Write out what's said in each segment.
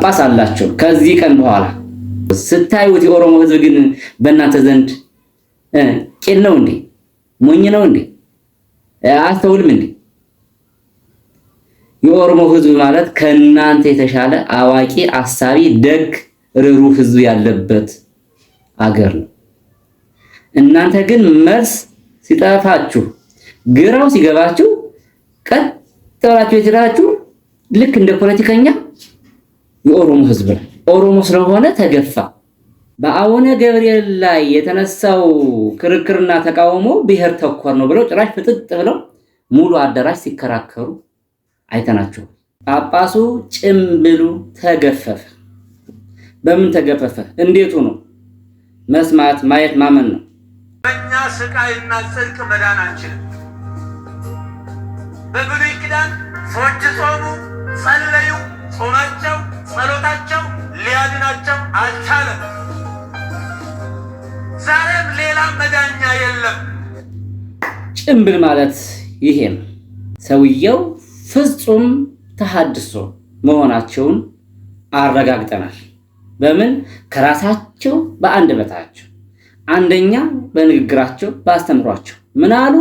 ጳጳስ አላቸው። ከዚህ ቀን በኋላ ስታዩት የኦሮሞ ህዝብ ግን በእናንተ ዘንድ ቄል ነው እንዴ? ሞኝ ነው እንዴ? አስተውልም እንዴ? የኦሮሞ ህዝብ ማለት ከእናንተ የተሻለ አዋቂ፣ አሳቢ፣ ደግ፣ ርሩ ህዝብ ያለበት አገር ነው። እናንተ ግን መልስ ሲጠፋችሁ፣ ግራው ሲገባችሁ፣ ቀጥ ብላችሁ የትራችሁ ልክ እንደ ፖለቲከኛ የኦሮሞ ህዝብ ነው። ኦሮሞ ስለሆነ ተገፋ። በአቡነ ገብርኤል ላይ የተነሳው ክርክርና ተቃውሞ ብሔር ተኮር ነው ብለው ጭራሽ ፍጥጥ ብለው ሙሉ አዳራሽ ሲከራከሩ አይተናቸው። ጳጳሱ ጭምብሉ ተገፈፈ። በምን ተገፈፈ? እንዴቱ ነው? መስማት፣ ማየት፣ ማመን ነው። በእኛ ስቃይና ጽድቅ መዳን አንችልም። በብሉይ ኪዳን ሰዎች ጾሙ፣ ጸለዩ ጾማቸው፣ ጸሎታቸው ሊያድናቸው አልቻለም። ዛሬም ሌላ መዳኛ የለም። ጭምብል ማለት ይሄ ነው። ሰውየው ፍጹም ተሃድሶ መሆናቸውን አረጋግጠናል። በምን? ከራሳቸው በአንደበታቸው፣ አንደኛ በንግግራቸው፣ በአስተምሯቸው ምን አሉ?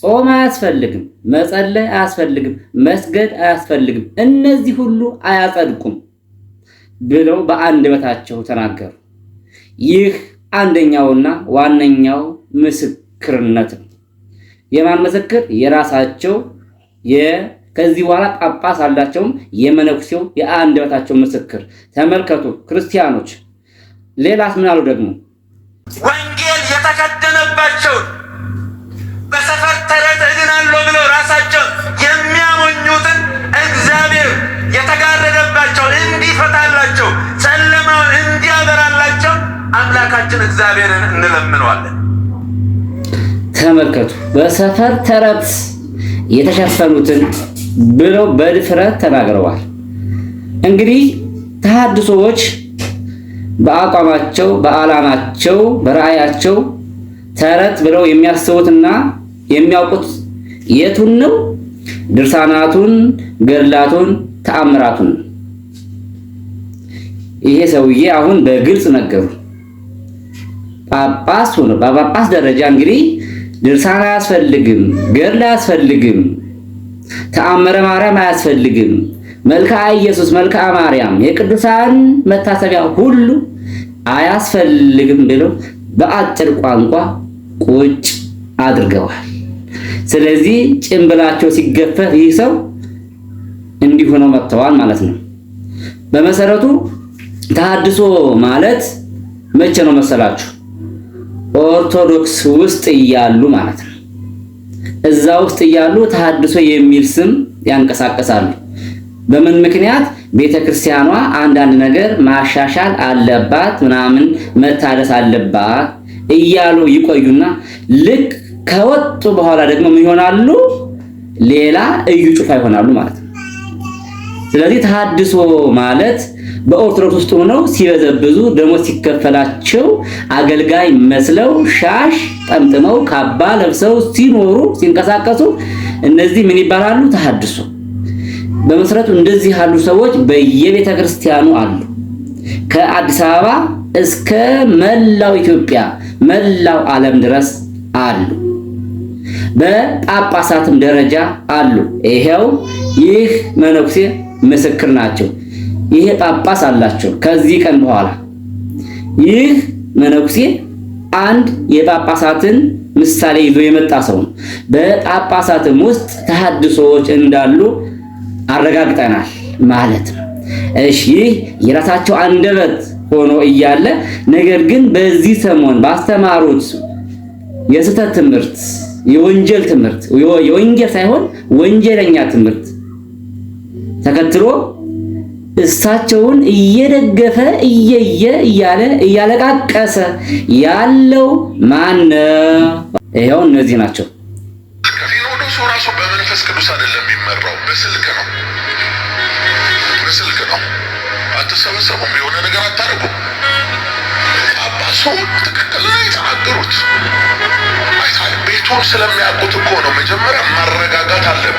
ጾም አያስፈልግም፣ መጸለይ አያስፈልግም፣ መስገድ አያስፈልግም፣ እነዚህ ሁሉ አያጸድቁም ብለው በአንደበታቸው ተናገሩ። ይህ አንደኛውና ዋነኛው ምስክርነት ነው። የማን ምስክር? የራሳቸው ከዚህ በኋላ ጳጳስ አላቸውም፣ የመነኩሴው የአንደበታቸው ምስክር። ተመልከቱ ክርስቲያኖች። ሌላስ ምን አሉ ደግሞ ወንጌል የተከደነባቸውን በሰፈር ተረት እድናለሁ ብለው ራሳቸው የሚያሞኙትን እግዚአብሔር የተጋረደባቸው እንዲፈታላቸው ጨለማውን እንዲያበራላቸው አምላካችን እግዚአብሔርን እንለምነዋለን። ተመልከቱ። በሰፈር ተረት የተሸፈኑትን ብለው በድፍረት ተናግረዋል። እንግዲህ ተሐድሶዎች በአቋማቸው፣ በዓላማቸው፣ በራእያቸው ተረት ብለው የሚያስቡትና የሚያውቁት የቱን ነው? ድርሳናቱን፣ ገድላቱን፣ ተአምራቱን። ይሄ ሰውዬ አሁን በግልጽ ነገሩ ጳጳስ ሆኖ በጳጳስ ደረጃ እንግዲህ ድርሳን አያስፈልግም፣ ገድል አያስፈልግም፣ ተአምረ ማርያም አያስፈልግም። መልክዓ ኢየሱስ፣ መልክዓ ማርያም፣ የቅዱሳን መታሰቢያ ሁሉ አያስፈልግም ብለው በአጭር ቋንቋ ቁጭ አድርገዋል። ስለዚህ ጭንብላቸው ሲገፈፍ ይህ ሰው እንዲሁ ነው መጥተዋል ማለት ነው። በመሰረቱ ተሐድሶ ማለት መቼ ነው መሰላችሁ? ኦርቶዶክስ ውስጥ እያሉ ማለት ነው። እዛ ውስጥ እያሉ ተሐድሶ የሚል ስም ያንቀሳቀሳሉ። በምን ምክንያት? ቤተክርስቲያኗ አንዳንድ ነገር ማሻሻል አለባት ምናምን መታደስ አለባት እያሉ ይቆዩና ልክ ከወጡ በኋላ ደግሞ ምን ይሆናሉ? ሌላ እዩ ጩፋ ይሆናሉ ማለት ነው። ስለዚህ ተሐድሶ ማለት በኦርቶዶክስ ውስጥ ሆነው ሲበዘብዙ ደሞ ሲከፈላቸው አገልጋይ መስለው ሻሽ ጠምጥመው ካባ ለብሰው ሲኖሩ ሲንቀሳቀሱ እነዚህ ምን ይባላሉ? ተሐድሶ። በመሰረቱ እንደዚህ ያሉ ሰዎች በየቤተ ክርስቲያኑ አሉ። ከአዲስ አበባ እስከ መላው ኢትዮጵያ መላው ዓለም ድረስ አሉ። በጳጳሳትም ደረጃ አሉ። ይሄው ይህ መነኩሴ ምስክር ናቸው። ይሄ ጳጳስ አላቸው። ከዚህ ቀን በኋላ ይህ መነኩሴ አንድ የጳጳሳትን ምሳሌ ይዞ የመጣ ሰው ነው። በጳጳሳትም ውስጥ ተሐድሶዎች እንዳሉ አረጋግጠናል ማለት ነው። እሺ ይህ የራሳቸው አንደበት ሆኖ እያለ ነገር ግን በዚህ ሰሞን ባስተማሩት የስህተት ትምህርት የወንጀል ትምህርት የወንጌል ሳይሆን ወንጀለኛ ትምህርት ተከትሎ እሳቸውን እየደገፈ እየየ እያለ እያለቃቀሰ ያለው ማን ነው? ይኸው እነዚህ ናቸው። ሲኖዶሱ ራሱ በመንፈስ ቅዱስ አይደለም የሚመራው፣ በስልክ ነው። በስልክ ነው። አትሰበሰቡም፣ የሆነ ነገር አታደርጉም። ሰውን ጥቅጥል ላይ የተናገሩት አይታል። ቤቱን ስለሚያውቁት እኮ ነው። መጀመሪያ ማረጋጋት አለብን፣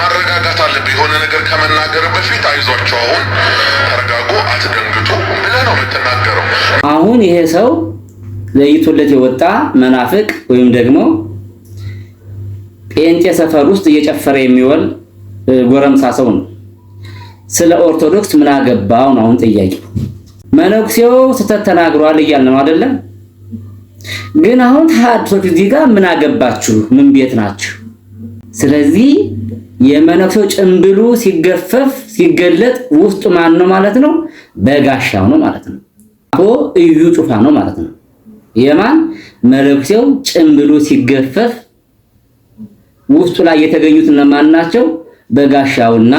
ማረጋጋት አለብን። የሆነ ነገር ከመናገር በፊት አይዟቸው፣ አሁን ተረጋጉ፣ አትደንግጡ ብለህ ነው የምትናገረው። አሁን ይሄ ሰው ለይቶለት የወጣ መናፍቅ ወይም ደግሞ ጴንጤ ሰፈር ውስጥ እየጨፈረ የሚወል ጎረምሳ ሰው ነው። ስለ ኦርቶዶክስ ምን አገባው ነው አሁን ጥያቄ መነኩሴው ስተት ተናግሯል እያልን ነው አይደለም? ግን አሁን ተሐድሶች እዚህ ጋር ምን አገባችሁ? ምን ቤት ናችሁ? ስለዚህ የመነኩሴው ጭምብሉ ሲገፈፍ ሲገለጥ ውስጡ ማን ነው ማለት ነው? በጋሻው ነው ማለት ነው። አቦ እዩ ጩፋ ነው ማለት ነው። የማን መነኩሴው ጭምብሉ ሲገፈፍ ውስጡ ላይ የተገኙት እነማን ናቸው? በጋሻውና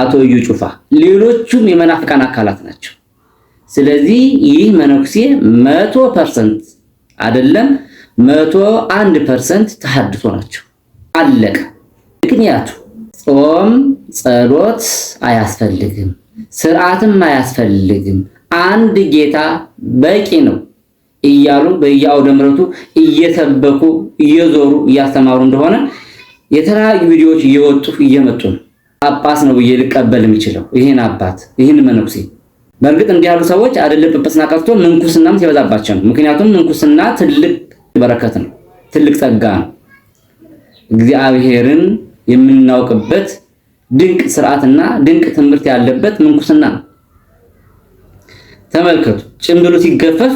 አቶ እዩ ጩፋ ሌሎቹም የመናፍቃን አካላት ናቸው። ስለዚህ ይህ መነኩሴ መቶ ፐርሰንት አይደለም መቶ አንድ ፐርሰንት ተሐድሶ ናቸው። አለቀ። ምክንያቱ ጾም ጸሎት አያስፈልግም፣ ስርዓትም አያስፈልግም፣ አንድ ጌታ በቂ ነው እያሉ በየአውደ ምሕረቱ እየሰበኩ እየዞሩ እያስተማሩ እንደሆነ የተለያዩ ቪዲዮዎች እየወጡ እየመጡ ነው። ጳጳስ ነው ብዬ ልቀበል የሚችለው ይህን አባት ይህን መነኩሴ በእርግጥ እንዲህ ያሉ ሰዎች አይደለም ጵጵስና ቀርቶ ምንኩስናም ሲበዛባቸው ነው። ምክንያቱም ምንኩስና ትልቅ በረከት ነው፣ ትልቅ ጸጋ ነው። እግዚአብሔርን የምናውቅበት ድንቅ ስርዓትና ድንቅ ትምህርት ያለበት ምንኩስና ነው። ተመልከቱ፣ ጭምብሉ ሲገፈፍ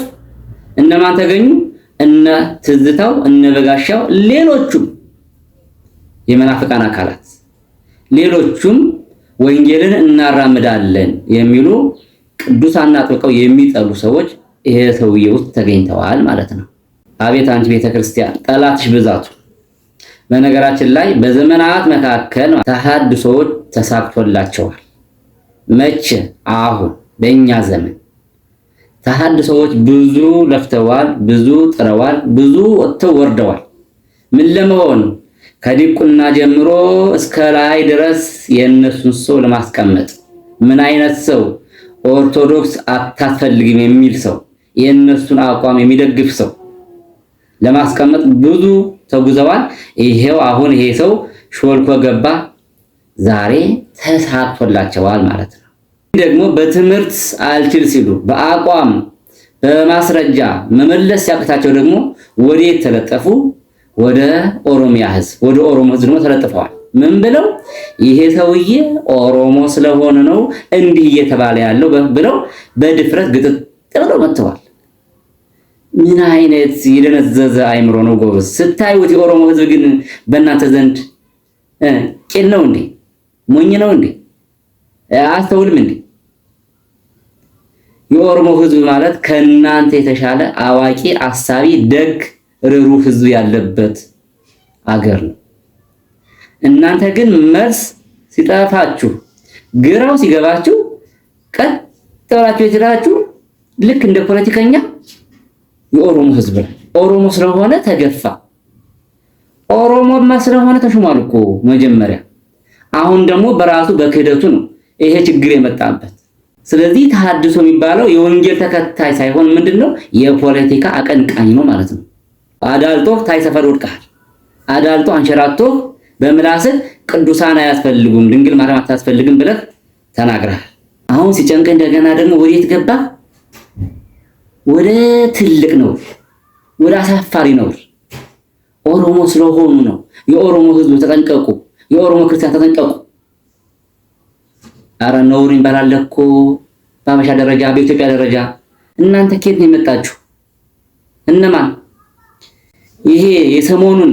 እነማን ተገኙ? እነ ትዝታው፣ እነ በጋሻው፣ ሌሎቹም የመናፍቃን አካላት ሌሎቹም ወንጌልን እናራምዳለን የሚሉ ቅዱሳን አጥብቀው የሚጠሉ ሰዎች ይሄ ሰውዬ ውስጥ ተገኝተዋል ማለት ነው። አቤት አንቺ ቤተክርስቲያን ጠላትሽ ብዛቱ። በነገራችን ላይ በዘመናት መካከል ሰዎች ተሳክቶላቸዋል። መቼ? አሁን በእኛ ዘመን ሰዎች ብዙ ለፍተዋል፣ ብዙ ጥረዋል፣ ብዙ ወጥተው ወርደዋል። ምን ለመሆን ከዲቁና ጀምሮ እስከ ላይ ድረስ የእነሱን ሰው ለማስቀመጥ ምን አይነት ሰው ኦርቶዶክስ አታስፈልግም የሚል ሰው የእነሱን አቋም የሚደግፍ ሰው ለማስቀመጥ ብዙ ተጉዘዋል። ይሄው አሁን ይሄ ሰው ሾልኮ ገባ፣ ዛሬ ተሳቶላቸዋል ማለት ነው። ደግሞ በትምህርት አልችል ሲሉ በአቋም በማስረጃ መመለስ ሲያቅታቸው ደግሞ ወዴት ተለጠፉ? ወደ ኦሮሚያ ህዝብ፣ ወደ ኦሮሞ ህዝብ ደግሞ ተለጥፈዋል። ምን ብለው ይሄ ሰውዬ ኦሮሞ ስለሆነ ነው እንዲህ እየተባለ ያለው ብለው በድፍረት ግጥጥ ብለው መጥተዋል። ምን አይነት የደነዘዘ አይምሮ ነው ጎበዝ! ስታዩት የኦሮሞ ህዝብ ግን በእናንተ ዘንድ ቄል ነው እንዴ? ሞኝ ነው እንዴ? አስተውልም እንዴ? የኦሮሞ ህዝብ ማለት ከእናንተ የተሻለ አዋቂ፣ አሳቢ፣ ደግ፣ ርሩ ህዝብ ያለበት አገር ነው። እናንተ ግን መልስ ሲጠፋችሁ ግራው ሲገባችሁ ቀጥ ብላችሁ የትላችሁ ልክ እንደ ፖለቲከኛ የኦሮሞ ህዝብ ኦሮሞ ስለሆነ ተገፋ፣ ኦሮሞማ ስለሆነ ተሹሟል እኮ መጀመሪያ። አሁን ደግሞ በራሱ በክህደቱ ነው ይሄ ችግር የመጣበት። ስለዚህ ተሐድሶ የሚባለው የወንጀል ተከታይ ሳይሆን ምንድነው የፖለቲካ አቀንቃኝ ነው ማለት ነው። አዳልጦ ታይ ሰፈር ወድቀሃል። አዳልጦ አንሸራቶ በምላስህ ቅዱሳን አያስፈልጉም ድንግል ማርያም አታስፈልግም ብለህ ተናግረሃል። አሁን ሲጨንቅህ እንደገና ደግሞ ወዴት ገባ? ወደ ትልቅ ነው ወደ አሳፋሪ ነው ኦሮሞ ስለሆኑ ነው። የኦሮሞ ህዝብ ተጠንቀቁ፣ የኦሮሞ ክርስቲያን ተጠንቀቁ። አረ ነውሪን ይባላል እኮ በአበሻ ደረጃ በኢትዮጵያ ደረጃ። እናንተ ከየት ነው የመጣችሁ? እነማን ይሄ የሰሞኑን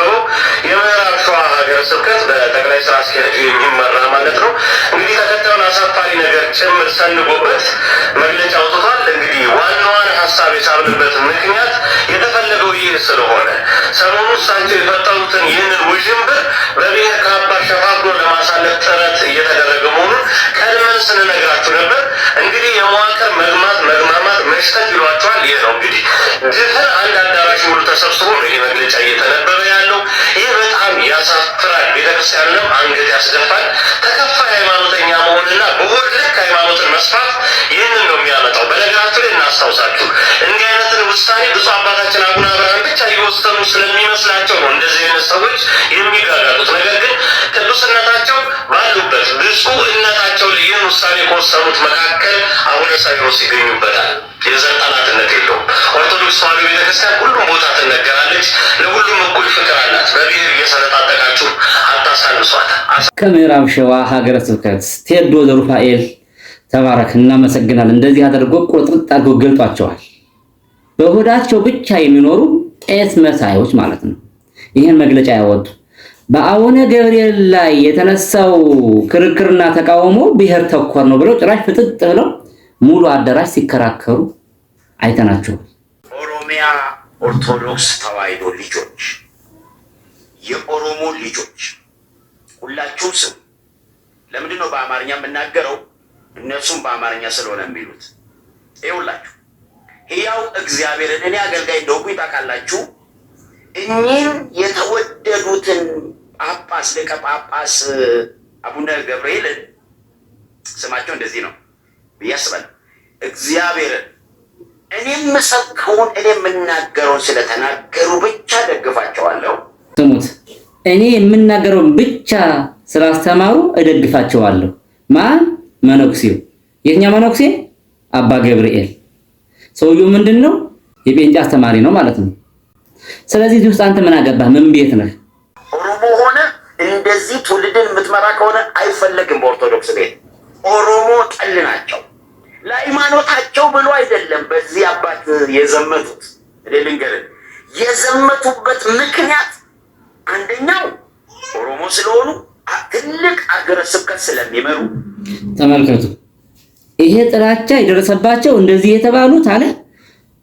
ስብከት በጠቅላይ ስራ አስኪያጁ የሚመራ ማለት ነው። እንግዲህ ተከታዩን አሳፋሪ ነገር ጭምር ሰንጎበት መግለጫ አውጥቷል። እንግዲህ ዋናዋን ሀሳብ የሳብንበት ምክንያት የተፈለገው ይህ ስለሆነ ሰሞኑ እሳቸው የፈጠሩትን ይህንን ውዥንብር በብሔር ከአባ ሸፋፍኖ ለማሳለፍ ጥረት እየተደረገ መሆኑን ቀድመን ስንነግራችሁ ነበር። እንግዲህ የመዋቅር መግማት መግማማት መሽተት ይሏቸዋል። ይህ ነው እንግዲህ ድፍን አንድ አዳራሽ ሙሉ ተሰብስቦ ነው ይህ መግለጫ እየተነበበ ያለው። ይህ በጣም ያሳፍራል። ቤተክርስቲያንንም አንገት ያስደፋል። ተከፋይ ሃይማኖተኛ መሆንና በሆድ ልክ ሃይማኖትን መስፋት ይህንን ነው የሚያመጣው። በነገራችሁ ላይ እናስታውሳችሁ እንዲህ አይነትን ውሳኔ ብፁዕ አባታችን አቡነ አብርሃ የተወሰኑ ስለሚመስላቸው ነው እንደዚህ አይነት ሰዎች የሚጋጋጡት። ነገር ግን ቅዱስነታቸው ባሉበት ብፁዕነታቸው ልዩን ውሳኔ ከወሰኑት መካከል አቡነ ሳዊሮስ ይገኙበታል። የዘር ጠላትነት የለውም። ኦርቶዶክስ ተዋሕዶ ቤተክርስቲያን ሁሉም ቦታ ትነገራለች። ለሁሉም እኩል ፍቅር አላት። በብሔር እየሰነጣጠቃችሁ አታሳንሷት። ከምዕራብ ሸዋ ሀገረ ስብከት ቴዶ ዘሩፋኤል ተባረክ፣ እናመሰግናል። እንደዚህ አድርጎ ቁርጥርጥ አድርጎ ገልጧቸዋል። በሆዳቸው ብቻ የሚኖሩ ቄስ መሳዮች ማለት ነው። ይህን መግለጫ ያወጡ በአቡነ ገብርኤል ላይ የተነሳው ክርክርና ተቃውሞ ብሔር ተኮር ነው ብለው ጭራሽ ፍጥጥ ብለው ሙሉ አዳራሽ ሲከራከሩ አይተናቸው። ኦሮሚያ ኦርቶዶክስ ተዋሕዶ ልጆች፣ የኦሮሞ ልጆች ሁላችሁም ስሙ። ለምንድን ነው በአማርኛ የምናገረው? እነሱም በአማርኛ ስለሆነ የሚሉት ይኸውላችሁ ሕያው እግዚአብሔርን እኔ አገልጋይ እንደሆንኩ ይታውቃላችሁ። እኚህን የተወደዱትን ጳጳስ ሊቀ ጳጳስ አቡነ ገብርኤልን ስማቸው እንደዚህ ነው ብዬ አስባለሁ። እግዚአብሔርን እኔ የምሰብከውን እኔ የምናገረውን ስለተናገሩ ብቻ ደግፋቸዋለሁ። ስሙት፣ እኔ የምናገረውን ብቻ ስላስተማሩ እደግፋቸዋለሁ። ማን መነኩሴው? የትኛው መነኩሴ? አባ ገብርኤል ሰውየው ምንድን ነው የጴንጤ አስተማሪ ነው ማለት ነው። ስለዚህ እዚህ ውስጥ አንተ ምን አገባህ? ምን ቤት ነህ? ኦሮሞ ሆነ እንደዚህ ትውልድን የምትመራ ከሆነ አይፈለግም። በኦርቶዶክስ ቤት ኦሮሞ ጠል ናቸው። ለሃይማኖታቸው ብሎ አይደለም በዚህ አባት የዘመቱት። ልንገርህ የዘመቱበት ምክንያት አንደኛው ኦሮሞ ስለሆኑ ትልቅ አገረ ስብከት ስለሚመሩ ተመልከቱ። ይሄ ጥላቻ የደረሰባቸው እንደዚህ የተባሉት አለ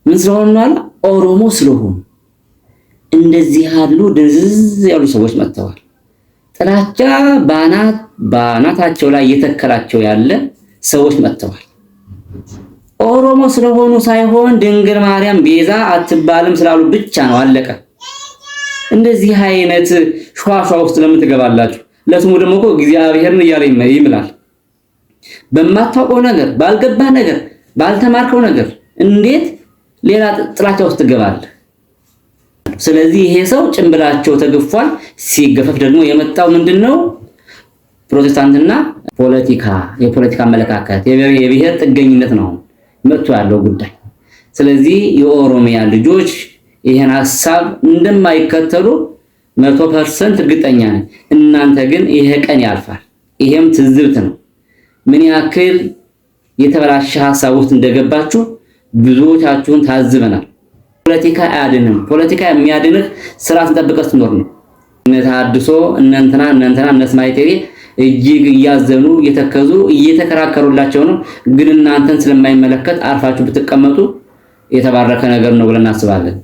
ምን ስለሆኑ አለ ኦሮሞ ስለሆኑ እንደዚህ ያሉ ድርዝዝ ያሉ ሰዎች መጥተዋል። ጥላቻ በአናታቸው ባናታቸው ላይ እየተከላቸው ያለ ሰዎች መጥተዋል። ኦሮሞ ስለሆኑ ሳይሆን ድንግል ማርያም ቤዛ አትባልም ስላሉ ብቻ ነው። አለቀ። እንደዚህ አይነት ሸዋሸዋ ውስጥ ለምን ትገባላችሁ? ለስሙ ደግሞ እኮ እግዚአብሔርን እያለ ይምላል። በማታውቀው ነገር፣ ባልገባህ ነገር፣ ባልተማርከው ነገር እንዴት ሌላ ጥላቻ ውስጥ ትገባለህ? ስለዚህ ይሄ ሰው ጭንብላቸው ተገፏል። ሲገፈፍ ደግሞ የመጣው ምንድን ነው? ፕሮቴስታንትና ፖለቲካ፣ የፖለቲካ አመለካከት፣ የብሔር ጥገኝነት ነው መጥቶ ያለው ጉዳይ። ስለዚህ የኦሮሚያ ልጆች ይሄን ሀሳብ እንደማይከተሉ መቶ ፐርሰንት እርግጠኛ ነኝ። እናንተ ግን ይሄ ቀን ያልፋል። ይሄም ትዝብት ነው። ምን ያክል የተበላሸ ሀሳብ ውስጥ እንደገባችሁ ብዙዎቻችሁን ታዝበናል። ፖለቲካ አያድንም። ፖለቲካ የሚያድንህ ስርዓትን ጠብቀህ ስትኖር ነው። እነ ታድሶ እነ እንትና እነ እንትና እጅግ እያዘኑ እየተከዙ እየተከራከሩላቸው ነው። ግን እናንተን ስለማይመለከት አርፋችሁ ብትቀመጡ የተባረከ ነገር ነው ብለን እናስባለን።